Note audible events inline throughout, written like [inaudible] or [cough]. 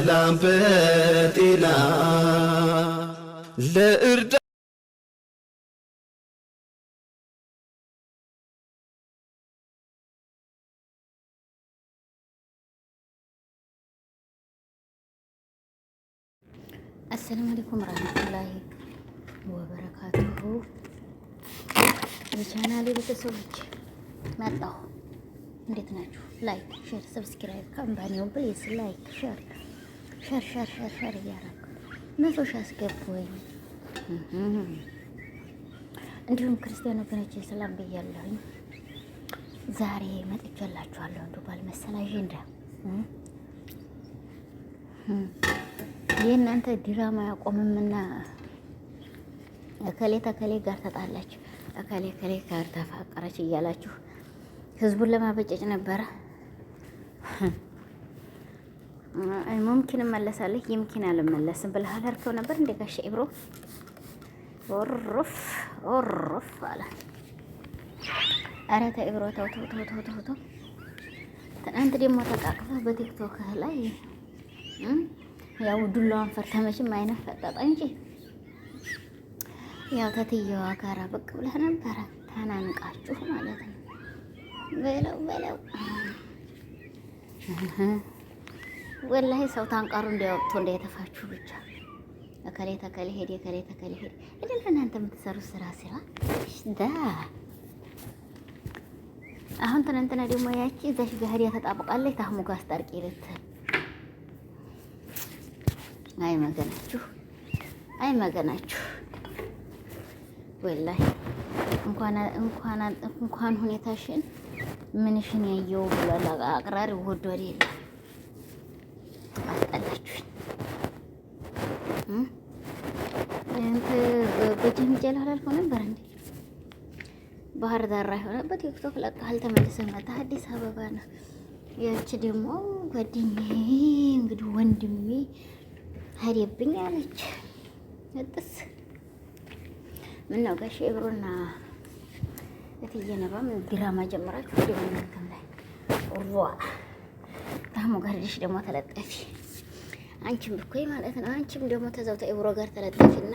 በሰላም በጤና ለእርዳ አሰላሙ አለይኩም ወራህመቱላሂ ወበረካቱሁ። የቻናሌ ቤተሰቦች መጣሁ። እንዴት ናችሁ? ላይክ ሼር ሰብስክራይብ ካምፓኒውን ፕሌስ ላይክ ሼር ሸርሸርሸርሸር እያደረኩ መቶ ሺህ አስገቡኝ። እንዲሁም ክርስቲያን ወገኖች ሰላም ብያለሁኝ። ዛሬ መጥቼላችኋለሁ እንዱ ባልመሰል አጀንዳ የእናንተ ዲራማ ያቆምምና እከሌ ተከሌ ጋር ተጣላች፣ እከሌ ከሌ ጋር ተፋቀረች እያላችሁ ህዝቡን ለማበጨጭ ነበረ። ሙምኪን እመለሳለሁ የምኪን አልመለስም ብለሃል አርከው ነበር እንደ ጋሼ ኢብሮ ኦሮፍ ኦሮፍ አለ። ኧረ ተው ኢብሮ ተው ተው ተው ተው ተው። ትናንት ደግሞ ተቃቅፈህ በቲክቶክህ ላይ ያው ዱላዋን ፈርተህ መቼም አይነት ፈጠጠ እንጂ ያው ተትየዋ ጋራ ብቅ ብለህ ነበረ ተናንቃችሁ ማለት ነው። በለው በለው ወላሂ ሰው ታንቃሩ እንዲያወቅቶ እንዳይተፋችሁ ብቻ እከሌ ተከሌ ሄደ እከሌ ተከሌ ሄደ አይደል? እናንተ የምትሰሩት ስራ ስራ ዳ አሁን ትናንትና ደግሞ ያቺ እዛሽ ጋር ተጣብቃለች። ታህሙ ጋር አስታርቂ ልትል አይ መገናችሁ፣ አይ መገናችሁ። ወላሂ እንኳን ሁኔታሽን ምንሽን ያየው ብሏል አቅራሪ ወዶድ የለም ወንጀል አላልኩህ ነበር እንዴ? ባህር ዳር የሆነበት በቲክቶክ ለቃል ተመልሰህ መጣ። አዲስ አበባ ነው። ያቺ ደግሞ ጓደኛዬ እንግዲህ ወንድሜ ሄደብኝ አለች። እጥስ ምነው ጋሼ ብሩና እትዬ ነባም ድራማ ጀምራችሁ ወደ ምንክም ላይ ሯ ታሙ ጋርሽ ደግሞ ተለጠፊ አንቺም ብኮይ ማለት ነው። አንቺም ደግሞ ተዛውታ እብሮ ጋር ተለጠፊና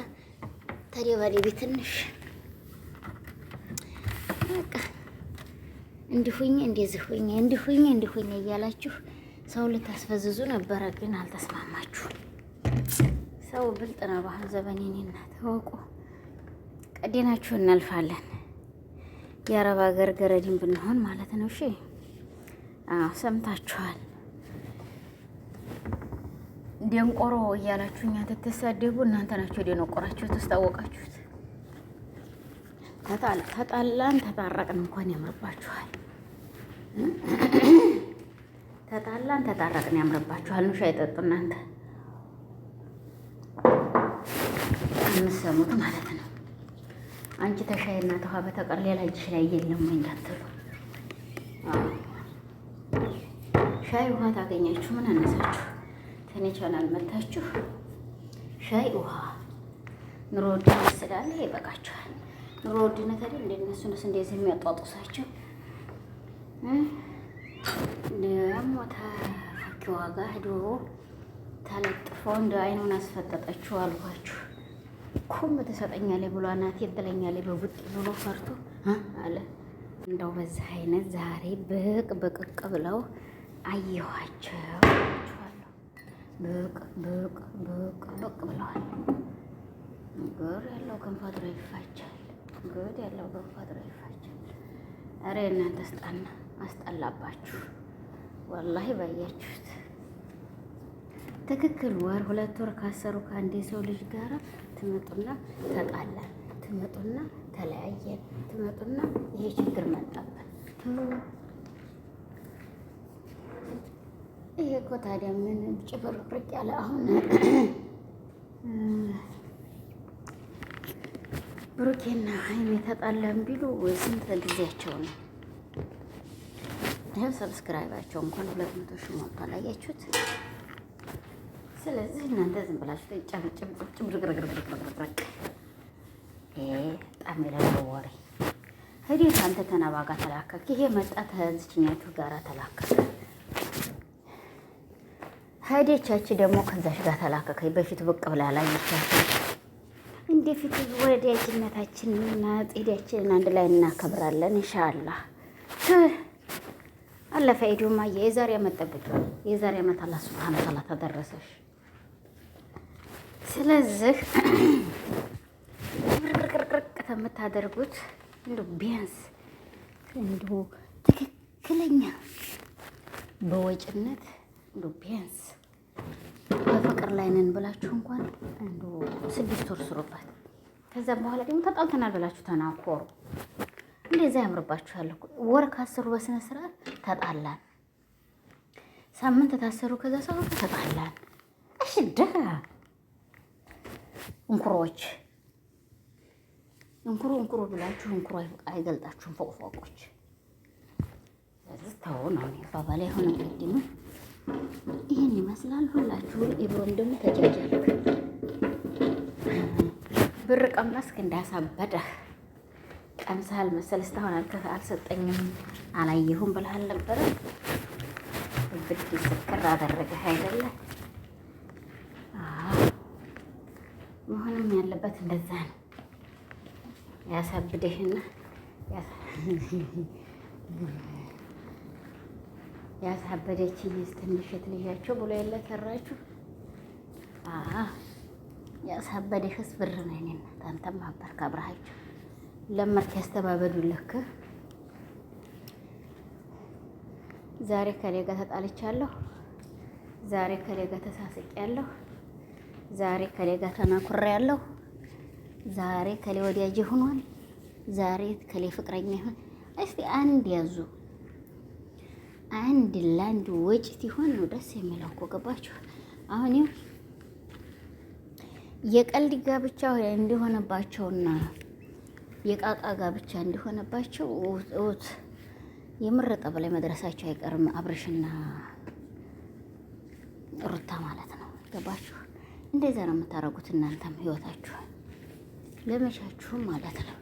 ታዲያ ቤት ትንሽ በቃ እንዲሁኝ እንደዚሁኝ እንዲሁኝ እንዲሁኝ እያላችሁ ሰው ልታስፈዝዙ ነበረ፣ ግን አልተስማማችሁ ሰው ብልጥ ነው። ባህል ዘመን እኔና ተወቁ ቀዴናችሁ እናልፋለን። የአረብ ሀገር ገረድን ብንሆን ማለት ነው። እሺ፣ ሰምታችኋል። ደንቆሮ እያላችሁ እኛ ትትሳደቡ እናንተ ናቸው የደነቆራችሁት። ታስታወቃችሁት። ተጣላን ተጣረቅን እንኳን ያምርባችኋል። ተጣላን ተጣረቅን ያምርባችኋል። ኑ ሻይ ጠጡ እናንተ የምሰሙት ማለት ነው። አንቺ ተሻይና ተውሃ በተቀር ሌላ እጅሽ ላይ የለም ወይ እንዳትሉ። ሻይ ውሃ ታገኛችሁ ምን አነሳችሁ? ከኔ ቻናል መታችሁ ሻይ ውሃ ኑሮ ውድነት ስላለ ይበቃችኋል። ኑሮ ውድነት አይደል እንደ እነሱ ነስ እንደዚህ የሚያጧጡሳቸው ደግሞ ተፈኪ ዋጋ ዶሮ ተለጥፎ እንደ አይኑን አስፈጠጠችው አልኳችሁ። ኩም ተሰጠኛለች ብሎ እናቴ ትለኛለች በቡጥ ብሎ ፈርቶ አለ። እንደው በዚህ አይነት ዛሬ ብቅ ብቅቅ ብለው አየኋቸው። ብቅ ብቅ ብቅ ብቅ ብለዋል። ግር ያለው ገንፎ አድሮ ይፋቻል። ጉድ ያለው ገንፎ አድሮ ይፋቻል። ኧረ እናንተ አስጣና አስጠላባችሁ። ወላሂ ባያችሁት ትክክል ወር ሁለት ወር ካሰሩ ከአንድ የሰው ልጅ ጋራ ትመጡና ተጣላን፣ ትመጡና ተለያየ ትመጡና ይሄ ችግር መጣብን ይሄ እኮ ታዲያ ምን ጭፍርቅርቅ ያለ አሁን ብሩኬና ሀይሜ ተጣላን ቢሉ ስንት ጊዜያቸው ነው? ይህም ሰብስክራይባቸው እንኳን ሁለት መቶ ሺህ ሞልቷል። አያችሁት? ስለዚህ እናንተ ዝም ብላችሁ ጭብጭብጭብርቅርቅርቅርቅርቅ ጣም የሌለው ወሬ ሄዴት አንተ ተናባጋ ተላከክ፣ ይሄ መጣ ተዝችኛችሁ ጋራ ተላከክ ሄደቻች ደግሞ ከዛሽ ጋር ተላከከኝ። በፊት ብቅ ብላ ላየቻት እንደ ፊት ወዳጅነታችንና ጤዳችንን አንድ ላይ እናከብራለን ኢንሻአላህ። አለፈ ሄዱማ የዛሬ ዓመት ጠብቂ፣ የዛሬ ዓመት አላህ ሱብሃነ ወተዓላ ተደረሰሽ። ስለዚህ ብርቅርቅርቅ የምታደርጉት እንደው ቢያንስ እንደው ትክክለኛ በወጭነት እንዶ ቢያንስ በፍቅር ላይ ነን ብላችሁ እንኳን እንዶ ስድስት ወር ስሩባት። ከዛ በኋላ ደግሞ ተጣልተናል ብላችሁ ተናኮሩ። እንደዛ ያምርባችኋል እኮ ወር ካሰሩ በስነ ስርዓት ተጣላን፣ ሳምንት ታሰሩ፣ ከዛ ሰው ተጣላን። እሺ ደህ እንኩሮች እንኩሮ እንኩሮ ብላችሁ እንኩሮ አይገልጣችሁም። ፎቅ ፎቆች ተው ነው ባባላ የሆነ ቅድም ይህን ይመስላል። ሁላችሁም ኢብሮን ደግሞ ተጃጃልክ ብር ቀመስክ እንዳሳበደህ ቀምሰሃል መሰል እስካሁን አልሰጠኝም አላየሁም ብለሃል ነበረ። ብድ ስክር አደረገህ አይደለ? መሆንም ያለበት እንደዛ ነው። ያሳብድህና ያሳበደችኝ ስትንሽት ልጃቸው ብሎ የለ ሰራችሁ ያሳበደሽስ ብር ነው። እኔ እናት አንተም አበርክ አብረሃቸው ለመርክ ያስተባበዱ ልክ ዛሬ ከሌ ጋር ተጣልቻለሁ፣ ዛሬ ከሌ ጋር ተሳስቄያለሁ፣ ዛሬ ከሌ ጋር ተናኩሬያለሁ፣ ዛሬ ከሌ ወዳጅ ሆኗል፣ ዛሬ ከሌ ፍቅረኛ ይሆን። እስቲ አንድ ያዙ አንድ ለአንድ ወጪ ሲሆን ነው ደስ የሚለው እኮ ገባችሁ? አሁን የቀልድ ጋብቻ እንዲሆነባቸውና የቃቃ ጋብቻ እንዲሆነባቸው ውት የምረጠ በላይ መድረሳቸው አይቀርም። አብርሽና ሩታ ማለት ነው። ገባችሁ? እንደዛ ነው የምታደርጉት እናንተም ህይወታችሁ ለመቻችሁም ማለት ነው።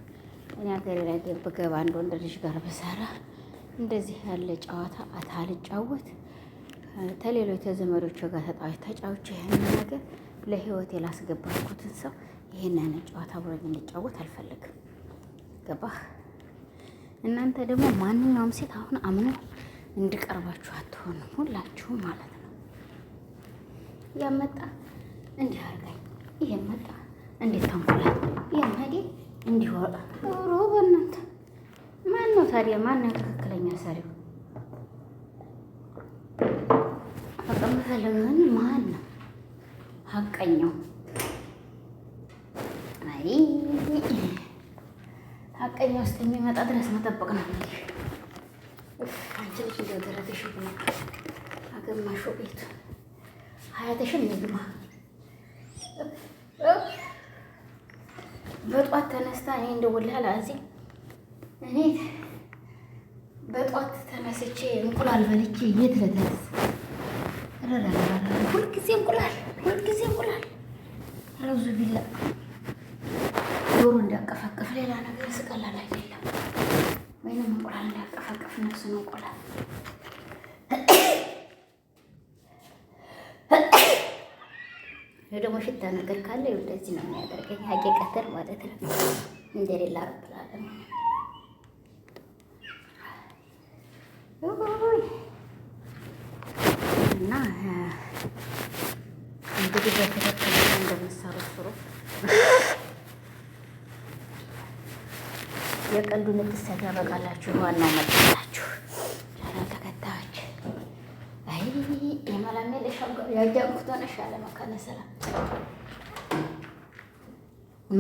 እኔ ሀገሬ ላይ ብገባ አንድ ወንድ ልጅ ጋር ብሰራ እንደዚህ ያለ ጨዋታ አታልጫወት ተሌሎች ተዘመዶች ጋር ተጣዎች ተጫዎች ይህን ነገር ለህይወት የላስገባኩትን ሰው ይህን አይነት ጨዋታ አብሮኝ እንዲጫወት አልፈልግም። ገባህ? እናንተ ደግሞ ማንኛውም ሴት አሁን አምኖ እንድቀርባችሁ አትሆንም፣ ሁላችሁም ማለት ነው። ያመጣ እንዲህ አርጋኝ፣ ይሄን መጣ እንዴት ተንኩላል፣ ይሄን ሄዴ እንዲወጣ ወራ ሮ በእናንተ ማን ነው ታዲያ ማን ነው? መሰለኝ ሰሪው በቃ ማን ነው ሀቀኛው? አይ ሀቀኛው ውስጥ የሚመጣ ድረስ መጠበቅ ነው። አንቺ ልጅ እንዲያው ደረተሽ ብላ አገማሾ ቤቱ ሀያተሽን ይግማ። በጧት ተነስታ እኔ እንደወላላ እዚህ እኔ በጧት ተነስቼ እንቁላል በልቼ የት ልደርስ? ሁልጊዜ እንቁላል ሁልጊዜ እንቁላል ረዙ ቢላ ዶሮ እንዳቀፋቀፍ ሌላ ነገር ስቀላል አይደለም። ወይም እንቁላል እንዳቀፋቀፍ ነፍስን እንቁላል ደግሞ ሽታ ነገር ካለ እንደዚህ ነው የሚያደርገኝ ሀቂቀተን ማለት ነው እንደሌላ ረብላለ በቀልዱ ንግስ ተጋበቃላችሁ። ዋናው መጣላችሁ ቻናል ተከታዮች። አይ የመላሜ ለሻም ያጃምኩት ሆነሽ ሻለ መካነ ሰላም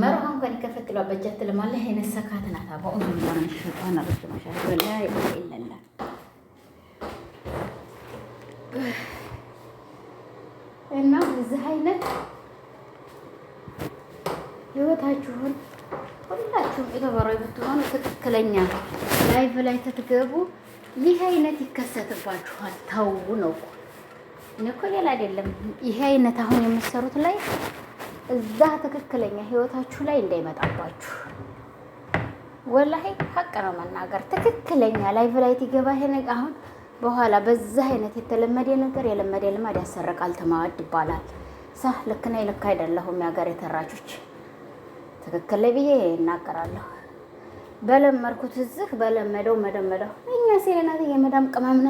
መርሃም ጋር በጃት ለማለ የነሰካት ናት አባኡ ምናምን ሸጣን አረች ላይ ይለላ እና እዚህ አይነት ህይወታችሁን ዩቱበሮች ብትሆኑ ትክክለኛ ላይቭ ላይ ትትገቡ ይህ አይነት ይከሰትባችኋል። ተው ነው እኮ እኔ እኮ ሌላ አይደለም። ይሄ አይነት አሁን የምትሰሩት ላይ እዛ ትክክለኛ ህይወታችሁ ላይ እንዳይመጣባችሁ ወላሂ ሀቅ ነው መናገር። ትክክለኛ ላይቭ ላይ ትገባ ይሄ ነገር አሁን በኋላ በዛ አይነት የተለመደ ነገር የለመደ ልማድ ያሰረቃል። ተማዋድ ይባላል። ሳ ልክ ነኝ ልክ አይደለሁም የሀገር የተራቾች ትክክል ብዬ እናገራለሁ። በለመድኩት እዚህ በለመደው መደመደው እኛ ሴናት የመዳም ቅመምነ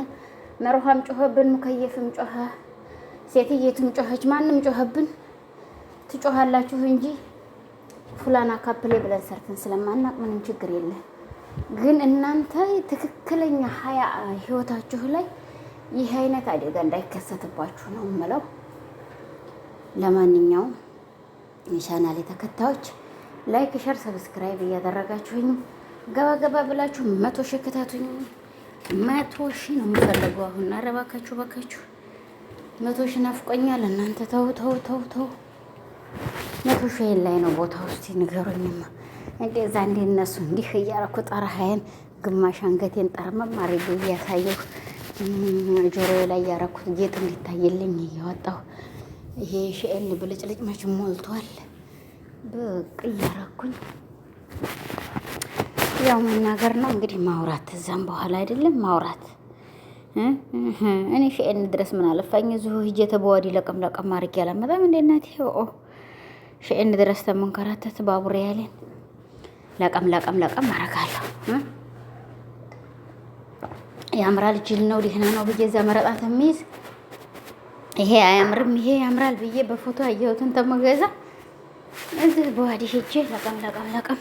መርሃም ጮኸብን፣ ሙከየፍም ጮኸ፣ ሴትየቱም ጮኸች፣ ማንም ጮኸብን። ትጮሃላችሁ እንጂ ፉላና ካፕሌ ብለን ሰርተን ስለማናቅ ምንም ችግር የለም። ግን እናንተ ትክክለኛ ሀያ ህይወታችሁ ላይ ይህ አይነት አደጋ እንዳይከሰትባችሁ ነው የምለው። ለማንኛውም የቻናሌ ተከታዮች ላይክ፣ ሸር፣ ሰብስክራይብ እያደረጋችሁኝ ገባ ገባ ብላችሁ መቶ ሺ ክታቱኝ። መቶ ሺ ነው የምፈልገው አሁን። ኧረ እባካችሁ እባካችሁ መቶ ሺ ናፍቆኛል። እናንተ ተው ተው ተው ተው። መቶ ሺ ላይ ነው ቦታ ውስጥ ንገሩኝማ። እንደዛ እንደ እነሱ እንዲህ እያረኩ ጠረሃይን ግማሽ አንገቴን ጠርመም አድርጌ እያሳየሁ ጆሮዬ ላይ ያረኩት ጌጥ እንዲታይልኝ እያወጣሁ ይሄ ሺኤን ብልጭልጭ መች ሞልቷል። ብቅ እያረኩኝ ያው መናገር ነው እንግዲህ ማውራት፣ እዛም በኋላ አይደለም ማውራት። እኔ ፊኤን ድረስ ምን አለፋኝ እዚሁ ሂጄ ተበዋዲ ለቀም ለቀም አድርጌ አላመጣም እንደ እናቴ ኦ ፊኤን ድረስ ተመንከራተት ባቡሬ ያለን ለቀም ለቀም ለቀም አረጋለሁ። ያምራል፣ ጅል ነው፣ ደህና ነው ብዬ እዛ መረጣት የሚይዝ ይሄ አያምርም፣ ይሄ ያምራል ብዬ በፎቶ አየሁትን ተመገዛ እዚህ በዋዲ ሄጄ ለቀም ለቀም ለቀም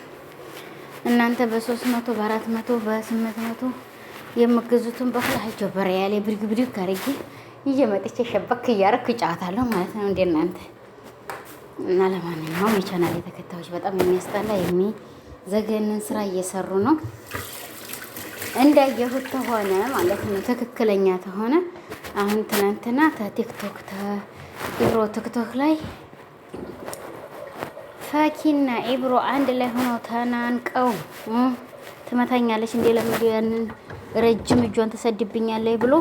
እናንተ በሶስት መቶ በአራት መቶ በስምንት መቶ የምገዙትን በኋላ ሄጆ በሪያሌ ብድግ ብድግ አድርጌ ይዤ ሸበክ እያደረኩ እጫወታለሁ ማለት ነው። እንደ እናንተ እና ለማንኛውም የቻናል የተከታዮች በጣም የሚያስጠላ የሚዘገንን ስራ እየሰሩ ነው። እንዳየሁት ተሆነ ማለት ነው ትክክለኛ ተሆነ አሁን ትናንትና ተቲክቶክ ተኢብሮ ቲክቶክ ላይ ፈኪና ኢብሮ አንድ ላይ ሆነው ተናንቀው ትመታኛለች እንዴ ለመደው ረጅም እጇን ትሰድብኛለች ብሎ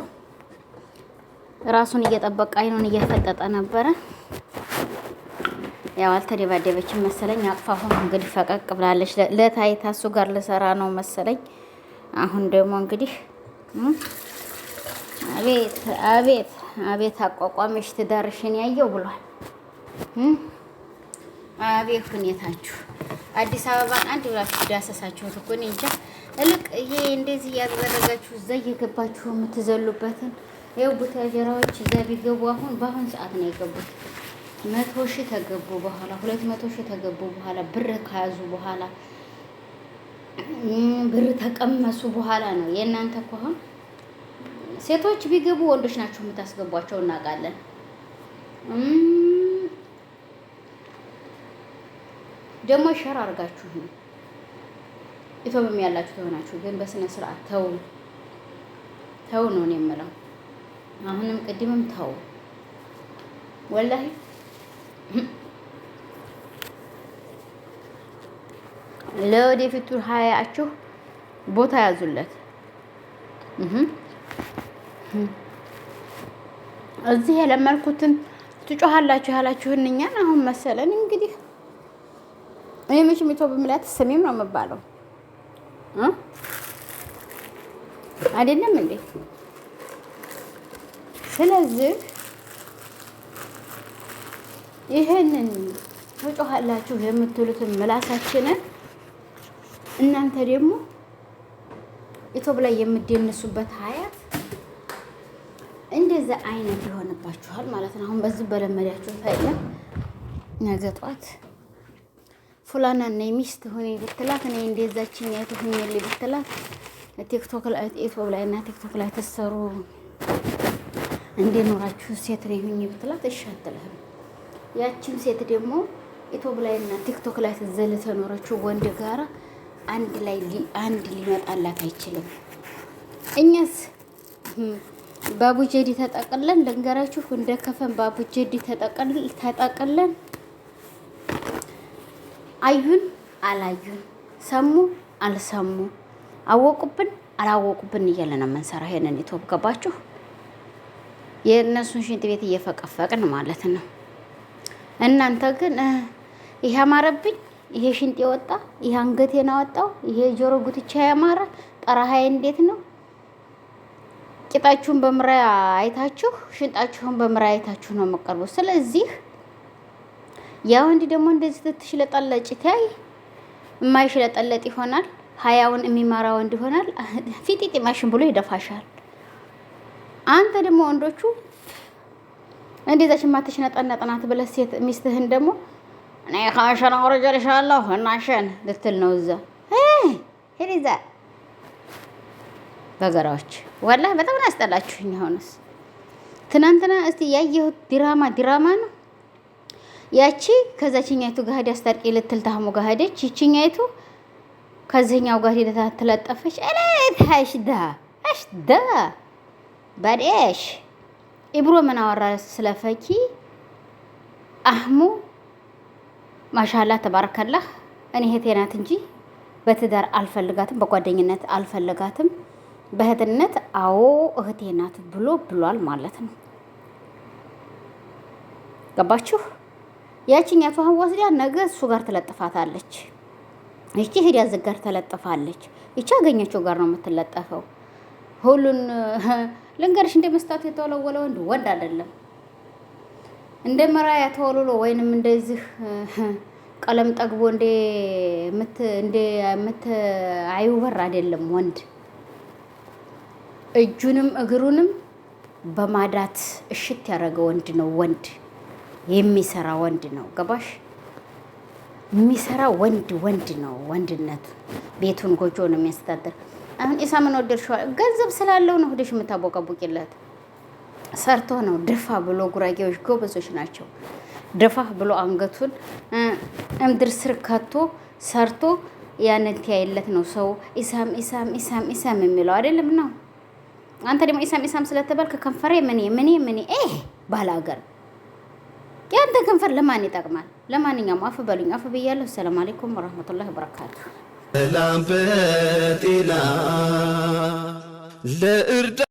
ራሱን እየጠበቀ አይኑን እየፈጠጠ ነበረ። ያው አልተደባደበችም መሰለኝ። አቅፋ አሁን እንግዲህ ፈቀቅ ብላለች። ለታይታ እሱ ጋር ልሰራ ነው መሰለኝ። አሁን ደግሞ እንግዲህ አቤት አቤት አቤት አቋቋመሽ ትዳርሽን ያየው ብሏል። አቤት ሁኔታችሁ አዲስ አበባን አንድ ብላችሁ ዳሰሳችሁት እኮ እኔ እንጃ። እልቅ ይሄ እንደዚህ እያደረጋችሁ እዛ እየገባችሁ የምትዘሉበትን ይኸው ቡታጀራዎች እዛ ቢገቡ አሁን በአሁን ሰዓት ነው የገቡት። መቶ ሺህ ተገቡ በኋላ ሁለት መቶ ሺህ ተገቡ በኋላ ብር ከያዙ በኋላ ብር ተቀመሱ በኋላ ነው የእናንተ እኮ አሁን ሴቶች ቢገቡ ወንዶች ናቸው የምታስገቧቸው እናውቃለን። ደግሞ ሸር አድርጋችሁ ነው ኢትዮጵያም ያላችሁ ተሆናችሁ ግን በስነ ስርዓት ተው ተው ነው እኔ የምለው። አሁንም ቅድምም ተው ወላሂ ለወደፊቱ ሀያችሁ ቦታ ያዙለት። እዚህ የለመልኩትን ትጮሃላችሁ ያላችሁን እኛን አሁን መሰለን እንግዲህ እኔ መቼም ኢትዮብ ምላት ስሜም ነው የምባለው አይደለም እንዴ? ስለዚህ ይሄንን ትጮኻላችሁ የምትሉትን ምላሳችንን እናንተ ደግሞ ኢትዮብ ላይ የምትደንሱበት ሀያት እንደዛ አይነት ይሆንባችኋል ማለት ነው። አሁን በዚህ በለመዳችሁ ታየ ነገ ጧት ፉላና እና ሚስት ሆኔ ብትላት እኔ እንደዛችን ያይቱ ሁኔል ብትላት ቲክቶክ ላይ ዩቲዩብ ላይ እና ቲክቶክ ላይ ተሰሩ እንደ ሴት ላይ ሁኚ ብትላት እሺ አትልህም። ያቺም ሴት ደግሞ ዩቲዩብ ላይ እና ቲክቶክ ላይ ትዘል ተኖረችው ወንድ ጋራ አንድ ላይ አንድ ሊመጣላት አይችልም። እኛስ ባቡጀዲ ተጠቅለን ልንገራችሁ እንደከፈን ባቡጀዲ ተጠቅለን አዩን አላዩን፣ ሰሙ አልሰሙ፣ አወቁብን አላወቁብን እያለ ነው የምንሰራው። ይሄንን ኢትዮፕ ገባችሁ? የእነሱን ሽንት ቤት እየፈቀፈቅን ማለት ነው። እናንተ ግን ይሄ አማረብኝ፣ ይሄ ሽንጥ የወጣ ይሄ አንገቴን አወጣው፣ ይሄ ጆሮ ጉትቻ ያማረ ጠራሃይ እንዴት ነው? ቂጣችሁን በምራ አይታችሁ ሽንጣችሁን በምራ አይታችሁ ነው የምቀርቡት። ስለዚህ ያው እንዲህ ደግሞ እንደዚህ ትሽለጠለጭ ታይ የማይሽለጠለጥ ይሆናል። ሀያውን የሚመራ ወንድ ይሆናል። [laughs] ፊጢጢ ማሽን ብሎ ይደፋሻል። አንተ ደግሞ ወንዶቹ እንደዛች ማተሽነጠነጥናት ብለህ ሴት ሚስትህን ደግሞ እኔ ካሸን አውረጀልሻለሁ እናሸን ልትል ነው እዛ ሄዲዛ በገራዎች ወላሂ በጣም አስጠላችሁኝ። አሁንስ ትናንትና እስቲ ያየሁት ዲራማ ዲራማ ነው። ያቺ ከዛችኛይቱ ጋር ሄዳ አስታርቂ ልትል ታህሙ ጋር ሄደች። ይችኛይቱ ከዚህኛው ጋር ሄዳ ተለጠፈች። እለት አሽዳ አሽዳ ባዴሽ ኢብሮ ምን አወራ ስለፈኪ አህሙ ማሻላ ተባረከላህ። እኔ እህቴ ናት እንጂ በትዳር አልፈልጋትም፣ በጓደኝነት አልፈልጋትም፣ በእህትነት አዎ እህቴ ናት ብሎ ብሏል ማለት ነው። ገባችሁ? ያቺኛቷን ወስዲያ ነገ እሱ ጋር ትለጥፋታለች። እቺ ሂዲያ እዚህ ጋር ተለጥፋለች። እቺ አገኘችው ጋር ነው የምትለጠፈው። ሁሉን [laughs] ልንገርሽ፣ እንደ መስታወት የተወለወለ ወንድ ወንድ አይደለም። እንደ መራያ ተወልሎ ወይንም እንደዚህ [laughs] ቀለም ጠግቦ እንደ ምት እንደ ምት አይወር አይደለም ወንድ እጁንም እግሩንም በማዳት እሽት ያደረገ ወንድ ነው ወንድ የሚሰራ ወንድ ነው። ገባሽ? የሚሰራ ወንድ ወንድ ነው። ወንድነቱ ቤቱን ጎጆ ነው የሚያስተዳድር። አሁን ኢሳምን ወደድሽዋል? ገንዘብ ስላለው ነው ሁደሽ የምታቦቀቡቂለት። ሰርቶ ነው ደፋ ብሎ ጉራጌዎች ጎበዞች ናቸው። ደፋ ብሎ አንገቱን እምድር ስር ከቶ ሰርቶ ያንን ትያይለት ነው ሰው ኢሳም ኢሳም ኢሳም ኢሳም የሚለው አይደለም ነው። አንተ ደግሞ ኢሳም ኢሳም ስለተባልክ ከንፈሬ ምኔ ምኔ ምኔ ይህ ባለ አገር ከንፈር ለማን ይጠቅማል? ለማንኛውም አፍ በሉኝ። አፍ ብያለሁ። ሰላም አለይኩም ወራህመቱላሂ ወበረካቱ። ሰላም በጤና ለእርዳ